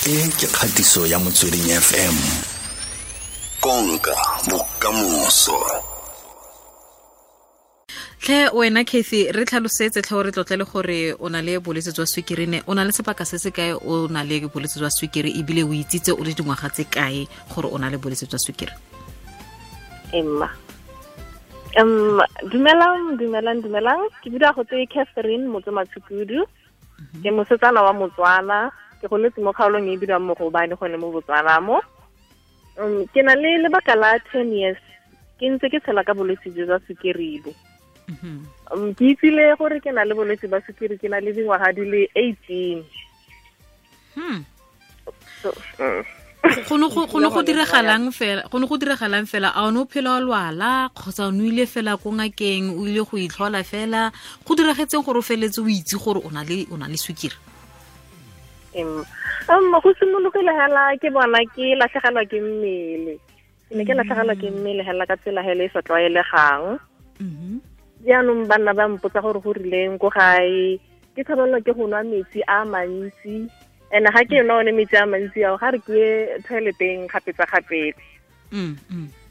e ke kgatiso ya motsweding fm konka bokamoso tlhe wena cathy re tlhalosetse tlhe o re tlotlele gore o na le bolwetse jwa swikiri ne o na le sebaka se se kae o na le bolwetse jwa swikiri ebile o itsitse o le dingwaga tse kae gore o na le bolwetse jwa swikiri emma um dumelang dumelang dumelang ke bida go tse catherine motse matshukudu ke mhm. mosetsana wa motswana ke goletse mo kgaolong e bidiwang mo gobane gone mo botswana mo um ke na le lebaka la ten years ke ntse ke tshela ka bolwetse jo jwa sukiri mm-hmm. um ke itsile gore ke na le bolwetse ba sukiri ke na le dingwaga di le eighteen go ne go diragalang fela a o ne o phela o lwala kgotsa o ne o ile fela ko ngakeng o ile go itlhola fela go diragetseng gore o feleletse o itse gore o na le o na le sukiri emma go simologe le hela ke bona ke latlhegelwa ke mmele ke ne ke latlhegelwa ke mmele hela ka tsela hele e sa tlwaelegang jaanong banna ba mpotsa gore go rileng ko gae ke tshwanelwa ke go nwa metsi a mantsi and ga ke nwa one metsi a mantsi ao ga re ke toileteng kgapetsa-kgapetse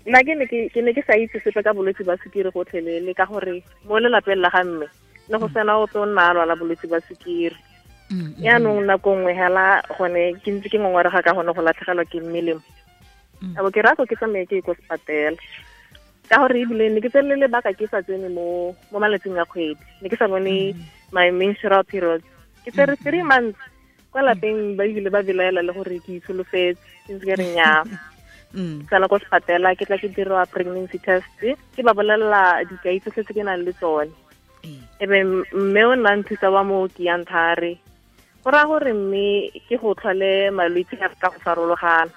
nna ke ne ke sa itse sepe ka bolwetse ba sukiri gotlhelele ka gore mo lelapeng la ga mme ne go sena o tse o nna a lwala bolwetse ba sukiri Mm-hmm. yaanong nako nngwe hela gone ke ntse ke ngongorega ka gone go latlhegelwa ke mmelemo mm-hmm. a bo ke rako ke tsamaye ke ko sepatela ka gore ebile ne ke tsele lebaka ke sa tsene mo mo malatsing a kgwedi ne ke sa bone mm-hmm. my mensural period ke tsere three months kwa lapeng ba ebile ba belaela le gore ke itsholofetse ke ntse ke re nyaa mm. tsala ko sepatela ke tla ke dirwa pregnancy test ke ba bolelela dikai ke nang le tsone ee. ebe mme o nna nthusa wa mo ya go raya gore mme ke go tlhole malwetse a ka go farologana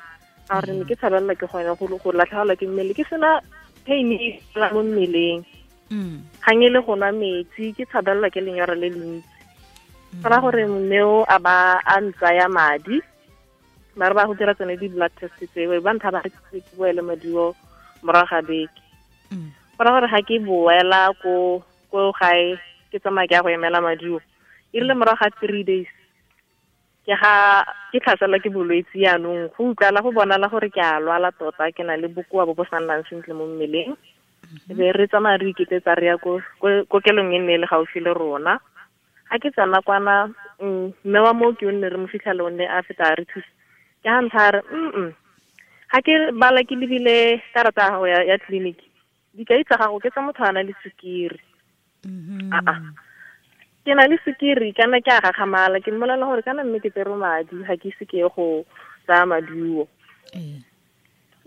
a gore mme ke tshabelela ke gone go latlhegelwa ke mmele ke sena pain e la mo mmeleng mm. gang e le go nwa metsi ke tshabelelwa ke lenyora le lentsi go raya gore mmeo a ba a ntsaya madi ba re ba go dira tsone di-blood test tseo ba ntha ba re ke boele maduo morago ga beke mm. go raya gore ga ke boela ko gae ke tsamaya ke ya go emela maduo e rile morago ga three days ke ga ke tlhaselwa ke bolwetse yaanong go utlwala go bonala gore ke a lwala tota ke na le bokoa bo bo sa nnang sentle mo mmeleng mhm. be re tsamaya re iketetsa re ya kokelong e nne e le gaufi le rona ga ke tsena kwana mm, mme wa moo ke o nne re mo fitlhele o nne a feta a re thusa ke ga ntlha re mm ga ke bala ke lebile karata ya gago ya tleliniki dikai gago ke tsa motho a na le sukiri mhm. aa ke na le sukiri kana ke a gagamala ke mmolela gore kana mme ke tsere madi ga ke ise ke go tsaya maduo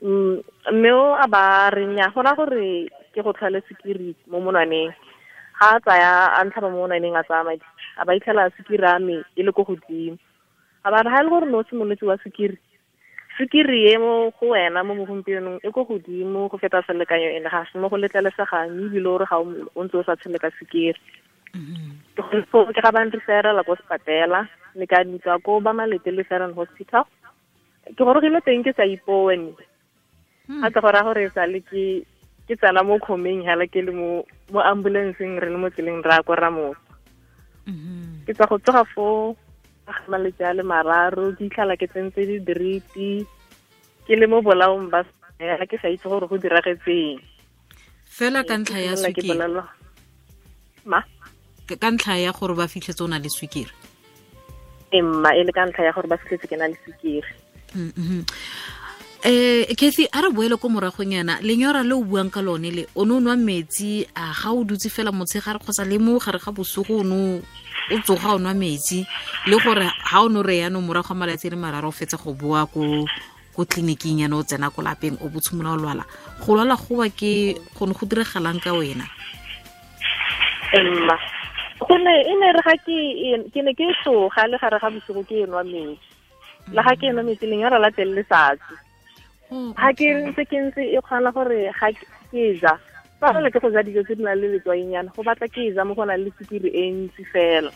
mm, mme o a ba reng ya gona gore ke go tlhole sukiri mo monwaneng ga a tsaya a ntlhaba mo monwaneng a tsaya madi a ba itlhela sukiri ame ya e le ko godimo a ba re ga e le gore no o simolotse wa sukiri sukiri e mo go wena mo mogompienong e ko godimo go feta selekanyo ene ga se mo go letlelesegang ebile ore ga o ntse o sa tshele ka sukiri so ke ga ba nreferela ko sepatela le ka ntswa ko ba malete referral hospital ke gorogile teng ke sa ipoone hmm. ga tsa gora gore e sa le ke ke tsala mo khomeng hela ke le mo mo ambulanceng re le mo tseleng ra ko ramosa hmm. ke tsa go tsoga foo malwetse a le mararo ke itlhala ke tsentse di-driti ke le mo bolaong ba fela ke sa itse gore go diragetseng fela ka ntlha ya ma ka ntlha ya gore ba fitlhetse o na le sukiri emma e le ka ntlha ya gore ba fitlhetse ke na le sukiri um mm-hmm. Kathy eh, a re boele ko moragong yana lenyora le o buang ka lone le o ne o nwa metsi a ga o dutse fela motshegare kgotsa le mo gare ga bosogo o o tsoga o nwa metsi le gore ga o ne o re yaanong morago a malatsi le mararo o fetsa go boa ko ko tleliniking yana o tsena ko lapeng o botshimola o lwala go lwala goba ke go ne go diragalang ka wena emma ne e ne re ga e, ke ne ke tsoga le gare ga bosigo ke enwa metsi le ga ke enwa metsi leng ya re letsatsi ga hmm. ke ntse ke ntse e kgona gore ga ke ja fa le ke go ja dijo tse di nang le letswainyana go batla ke ja mo go nang le sukiri e ntsi fela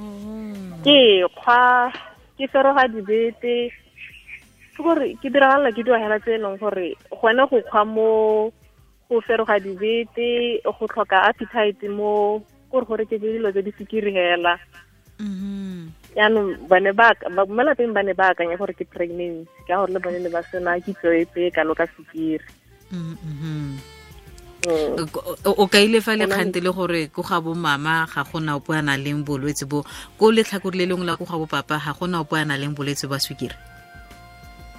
hmm. ke kgwa ke feroga dibete ke gore ke diragalela ke diwagela tse e leng gore gone go kgwa mo go feroga dibete go tlhoka appetite mo kore gore ke dilo tse di sekiri hela jaanong mm-hmm. bane mo lapeng ba ne ba akanya gore ke pregnancy ka gore le bone ne ba sena kitso epe kalo ka sekiri mm-hmm. mm. o ka ile fa lekgante le gore ko ga bo mama ga gona o a nang leng bolwetse bo ko letlhakore le lengwe la ko ga bo papa ga gona o a nang leng bolwetse ba sukiri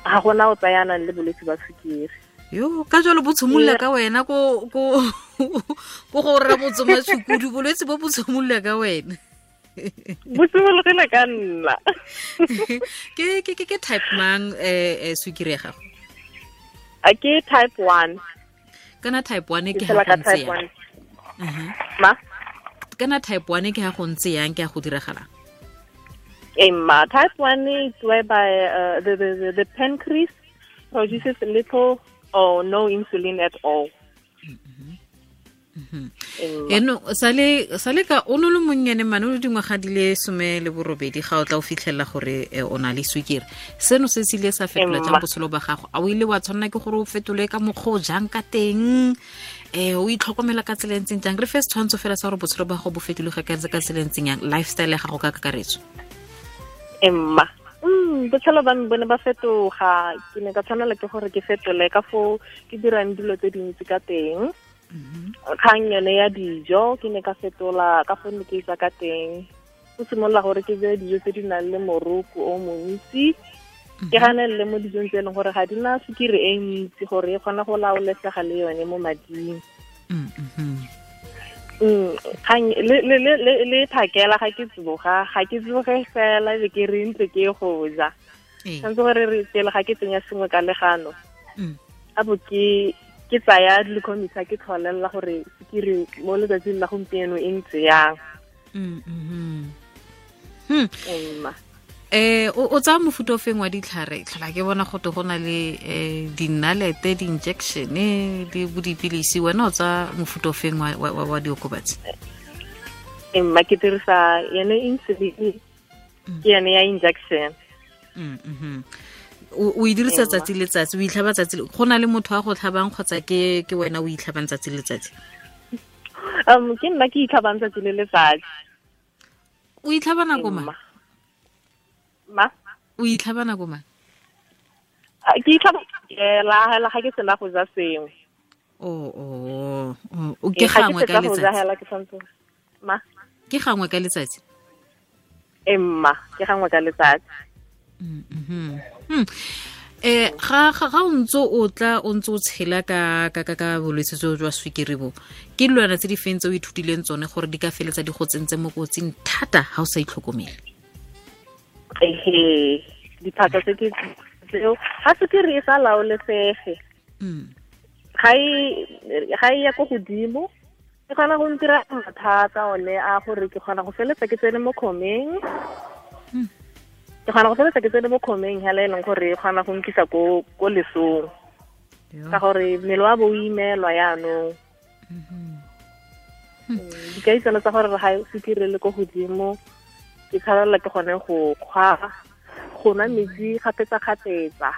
ga gona o tsayanang le bolwetse ba sukiri yo ka jalo bo tshimolola ee. ka wena ko gorra ko bolwetse bo bo tshimolola ka wena bo simologile ka nna ke type mang eh, eh sukiri ya gago a ke type 1 kana type one ke ha mhm. ma kana type 1 ke ha go ntse yang ke ya go diragalang Hey, ee, type 1 is whereby uh, the, the, the, the pancreas produces little or no insulin at all mm-hmm. mm-hmm. eno eh, sale ka o ne monnyane mane o le dingwaga di le some le borobedi ga o tla o fitlhelela gore eh, o na le sukiri seno se se ile sa fetola eh, jang botshelo ba gago a o ile wa tshwanela ke gore o fetole ka mokgwa o jang ka teng um o itlhokomela ka tsela ntseng jang re fe se tshwantsho fela sa gore botshelo ba gago bo fetologe ka tsela ntseng yang lifestyle ya gago ka kakaretso emma Hmm, botshelo ba bone ba fetoga ke ne ka tshwanela ke gore ke fetole ka fo ke dirang dilo tse dintsi ka teng mhm. kgang yone ya dijo ke ne ka fetola ka fo ne ke isa ka teng go simolola gore ke je dijo tse di nang le moroko o montsi ke mhm. ganelele mo dijong tse eleng gore ga di na sukiri e ntsi gore e kgona go laolesega le yone mo mading mm-hmm. le phakela ga ke tsoga ga ke tsoge fela be ke re ntse ke go ja tshwanetse gore re pele ga ke tsenya sengwe ka legano mm. a bo ke ke tsaya glucomisa ke tlholelela gore sekiri mo letsatsing la gompieno e ntse yang mm mm-hmm. -hmm. Hmm. eh o tsa mofuta o feng wa ditlhare tlhola ke bona gote go na le um eh, dinnalete di-injection eh, le bo dipilisi wena o tsa mofuta o feng wa diokobatsi eh, mma ke dirisa yone insulin mm. ke yone ya injection mm, mm-hmm. o e dirisa tsatsi letsatsi o itlhaba tsatsi go na le motho a go tlhabang kgotsa ke ke wena o itlhabang tsatsi letsatsi um ke nna ke itlhabang tsatsi le letsatsi o itlhaba nako ma ma o itlhaba nako mang ke itlhaba la la ga ke sena go ja sengwe o o o ke gangwe ka letsatsi ma ke gangwe ka letsatsi emma ke gangwe ka letsatsi eh ga ga ga ontso o tla o ntse o tshela ka ka ka bolwetse jo jwa swikiri bo ke lwana tse di fentse o ithutileng tsone gore di ka feletsa di go tsentse mo kotsing thata ha o sa itlhokomele ehe diphatsa tse ke tseo ga se ke re e sa laolesege ga mm. e, e ya ko godimo ke kgona go ntira mathata one a gore ke kgona go feletsa ke tsene mo khomeng mm. ke kgona go feletsa ke tsene mo khomeng hela e leng gore e kgona go nkisa ko lesong ka gore mmele wa bo o imelwa yaanong mm-hmm. dikaitselo tsa gore ga se kirele ko godimo ke tshwarelela ke gone go kgwara go nwa metsi kgapetsa-kgapetsa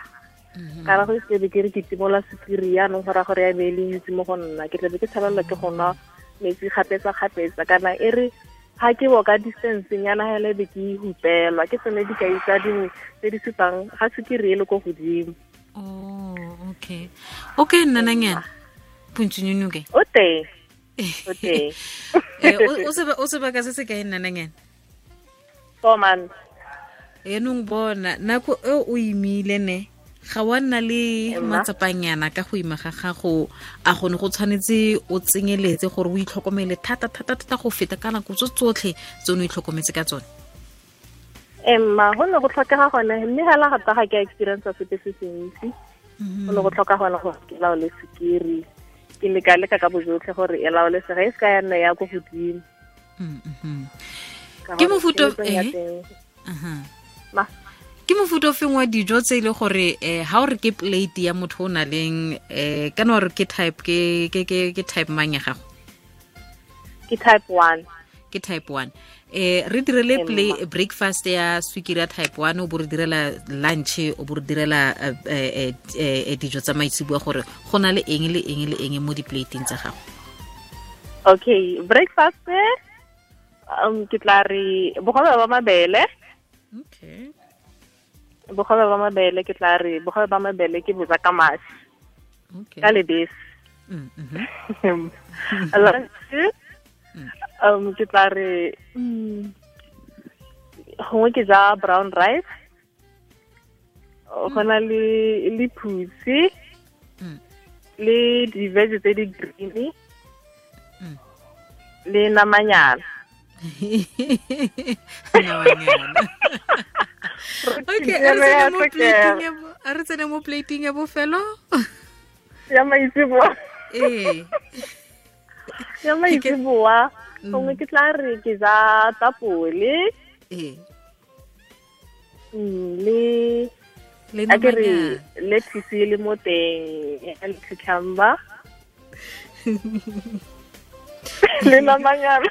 mhm. ka ra go sebe ke re ke timola sukiri yaanong go raya gore ya be e le ntsi mo go nna ke tlabe ke tshwarelela ke go nwa metsi kgapetsa-kgapetsa kana e re ga ke bo ka distanceng ya nagele be ke hupelwa ke tsone dikai tsa dingwe tse di supang ga sukiri e le ko godimo oh, okay okay nananyana puntsunyunuke o teng o teng eh, o sebaka se se kae nananyana four oh, months enong bona nako e o imile ne ga wa nna le matsapanyana ka go ima ga gago a gone go tshwanetse o tsenyeletse gore o itlhokomele thata-thata-thata go feta ka nako tso tsotlhe tse o itlhokometse ka tsone emma go ne go tlhokega gone mme hela gata ga ke a experience sepe se sentsi mhm. go ne go tlhoka gone gore ke laole sekiri ke leka leka ka bojotlhe gore e laolesega e se ka ya nna ya ko godimo mhm, mhm ke mofuta eh? ke mofuta feng wa dijo tse e le gore um eh, ga o re ke plate ya motho o na leng um kana ore ke type ke type mang ya gago ke type one ke type one eh re direle play breakfast ya swikiri type one o bo re direla lunch o bo re direla eh, dijo tsa maitsibua gore go na le eng le eng le eng mo di-plateng tsa gago okay breakfast um ke tla re bogobe ba mabele okay bogobe ba mabele ke tla re bogobe ba mabele ke botsa ka mašwi ka lebese mm, mm-hmm. lunche um ke tla re mm, gongwe ke ja brown rice go na le le phutsi mm. le di-vege tse di-green le namanyana no ngwana okay a re tsene mo plating ya bofelo ya maitsiboa ee eh. ya maitsiboa gongwe mm. ke tla re ke ja tapole eh. mm, le a ke re lettuce le mo teng le cucumber le namanyana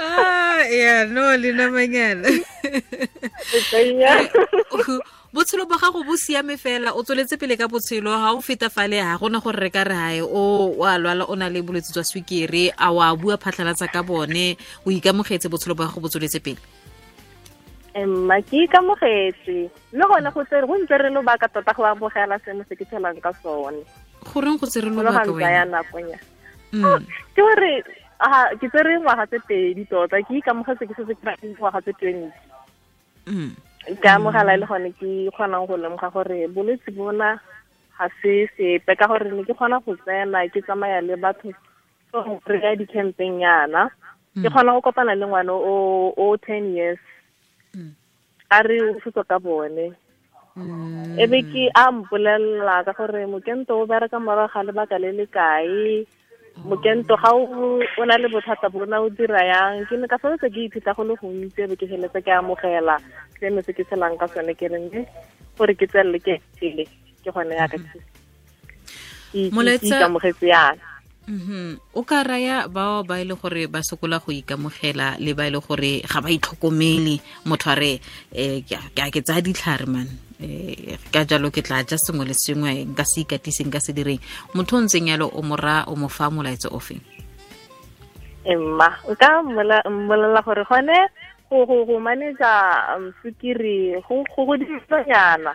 ah, ya no lena manyana botshelo ba gago bo siame fela o tsweletse pele ka botshelo ga o feta fale ga gona gore re ka re gae o a lwala o na le bolwetse jwa sukiri a wa bua phatlhalatsa ka bone o ikamogetse botshelo ba gago bo tsweletse pele emma ke ikamogetse mme gone go tsere go ntse re lobaka tota go amogela seno se ke tshelang ka sone goreng go tsere lobaka wena Mm. ke gore ke tsere ngwaga tse pedi tota ke ikamogetse ke setse ke na dingwaga tse twenty mm. ka mogala le gone ke kgonang go lemoga gore bolwetse bona ga se sepe ka gore ne ke kgona go tsena ke tsamaya le batho re ya di-campaign yana ke mm. kgona go kopana le ngwana o ten years a re o fetso ka bone e be ke a mpolelela ka gore mokento o bereka morago ga lebaka le le kae mokento ga o na le bothata bona o dira yang ke ne ka feletse ke ithutla go le gontsi be ke feletse ke amogela seno se ke tshelang ka sone ke reng gore ke tswelele ke ele ke gone yaka mm-hmm. ke ikamogetse yana mm-hmm. o ka raya bao ba ile e gore ba sokola go ikamogela le ba ile e gore ga ba itlhokomele motho a re um ke a ke tsaya ditlhare mane Eh, ka jalo ke tla ja sengwe le sengwe nka se ikatise nka se direng motho o ntseng yalo o mora o mo fa molaetso ofeng emma nka mmolela gore gone go manage-a um, sukiri go godisanyana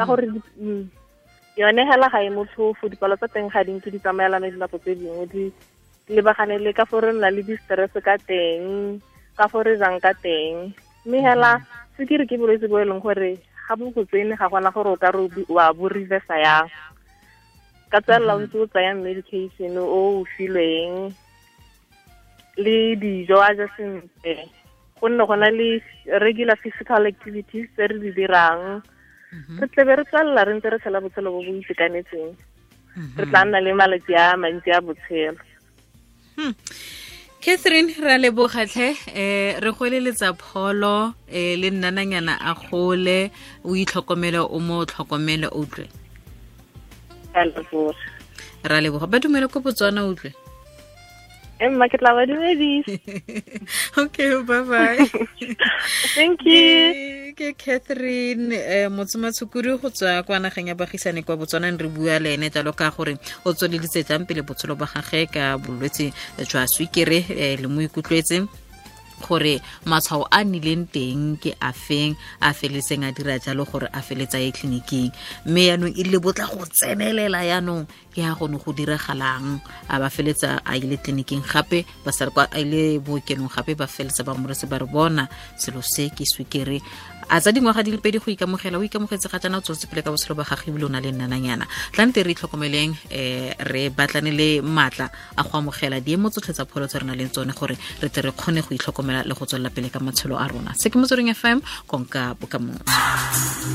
ka gore mm-hmm. mm, yone hela ga e motlhofo dipalo tsa teng ga di nke di tsamaelana dinako tse dingwe di lebagane le ka fore nna le di-stress ka teng ka fore jang ka teng mme hela mm-hmm. sukiri ke bolwetse bo e leng gore ga bo go tsene ga gona gore o ka re wa bo reverse yang ka tsela o mhm. ntse o tsaya medication o o filweng le dijo a ja sentle gonne go na le regular physical activities tse re di dirang mhm. re tlebe re tswelela re ntse re tshela botshelo bo bo itekanetseng re mhm. tla nna le malatsi a mantsi a botshelo hmm. catherine ra lebogatlhe um re eh, go eleletsa pholo um eh, le nnananyana a gole o itlhokomele o mo tlhokomele o utlwe ra leboga ba dumele ko botswana utlwe lava badumedisa okay bye bye thank you ke catherine um eh, motsomatshokuri go tswa kwa nageng ya bagisane kwa botswanang re bua le ene jalo ka gore o tsweleleditse jang pele botshelo ba gage ka bolwetse jwa swikere eh, le mo ikutlwetse gore matshwao a nnileng teng ke a feng a feletseng a dira jalo gore a feletsa ye tleliniking mme yaanong e le botla go tsenelela yaanong ke ya gone go diragalang a ba feletsa a ile tleliniking gape ba sa a ile bookelong gape ba feletsa ba mmoretse ba re bona selo se ke swikere a tsa dingwaga di le pedi go ikamogela o ikamogetse ga jaana o tsotse pele ka botshelo ba gage ebile o na le nnananyana tla nte re itlhokomeleng um re batlane le maatla a go amogela diemo tsotlhe tsa pholo tse re na leng tsone gore re tle re kgone go itlhokomela le go tswelela pele ka matshelo a rona se ke motsweding fm konka bokamoso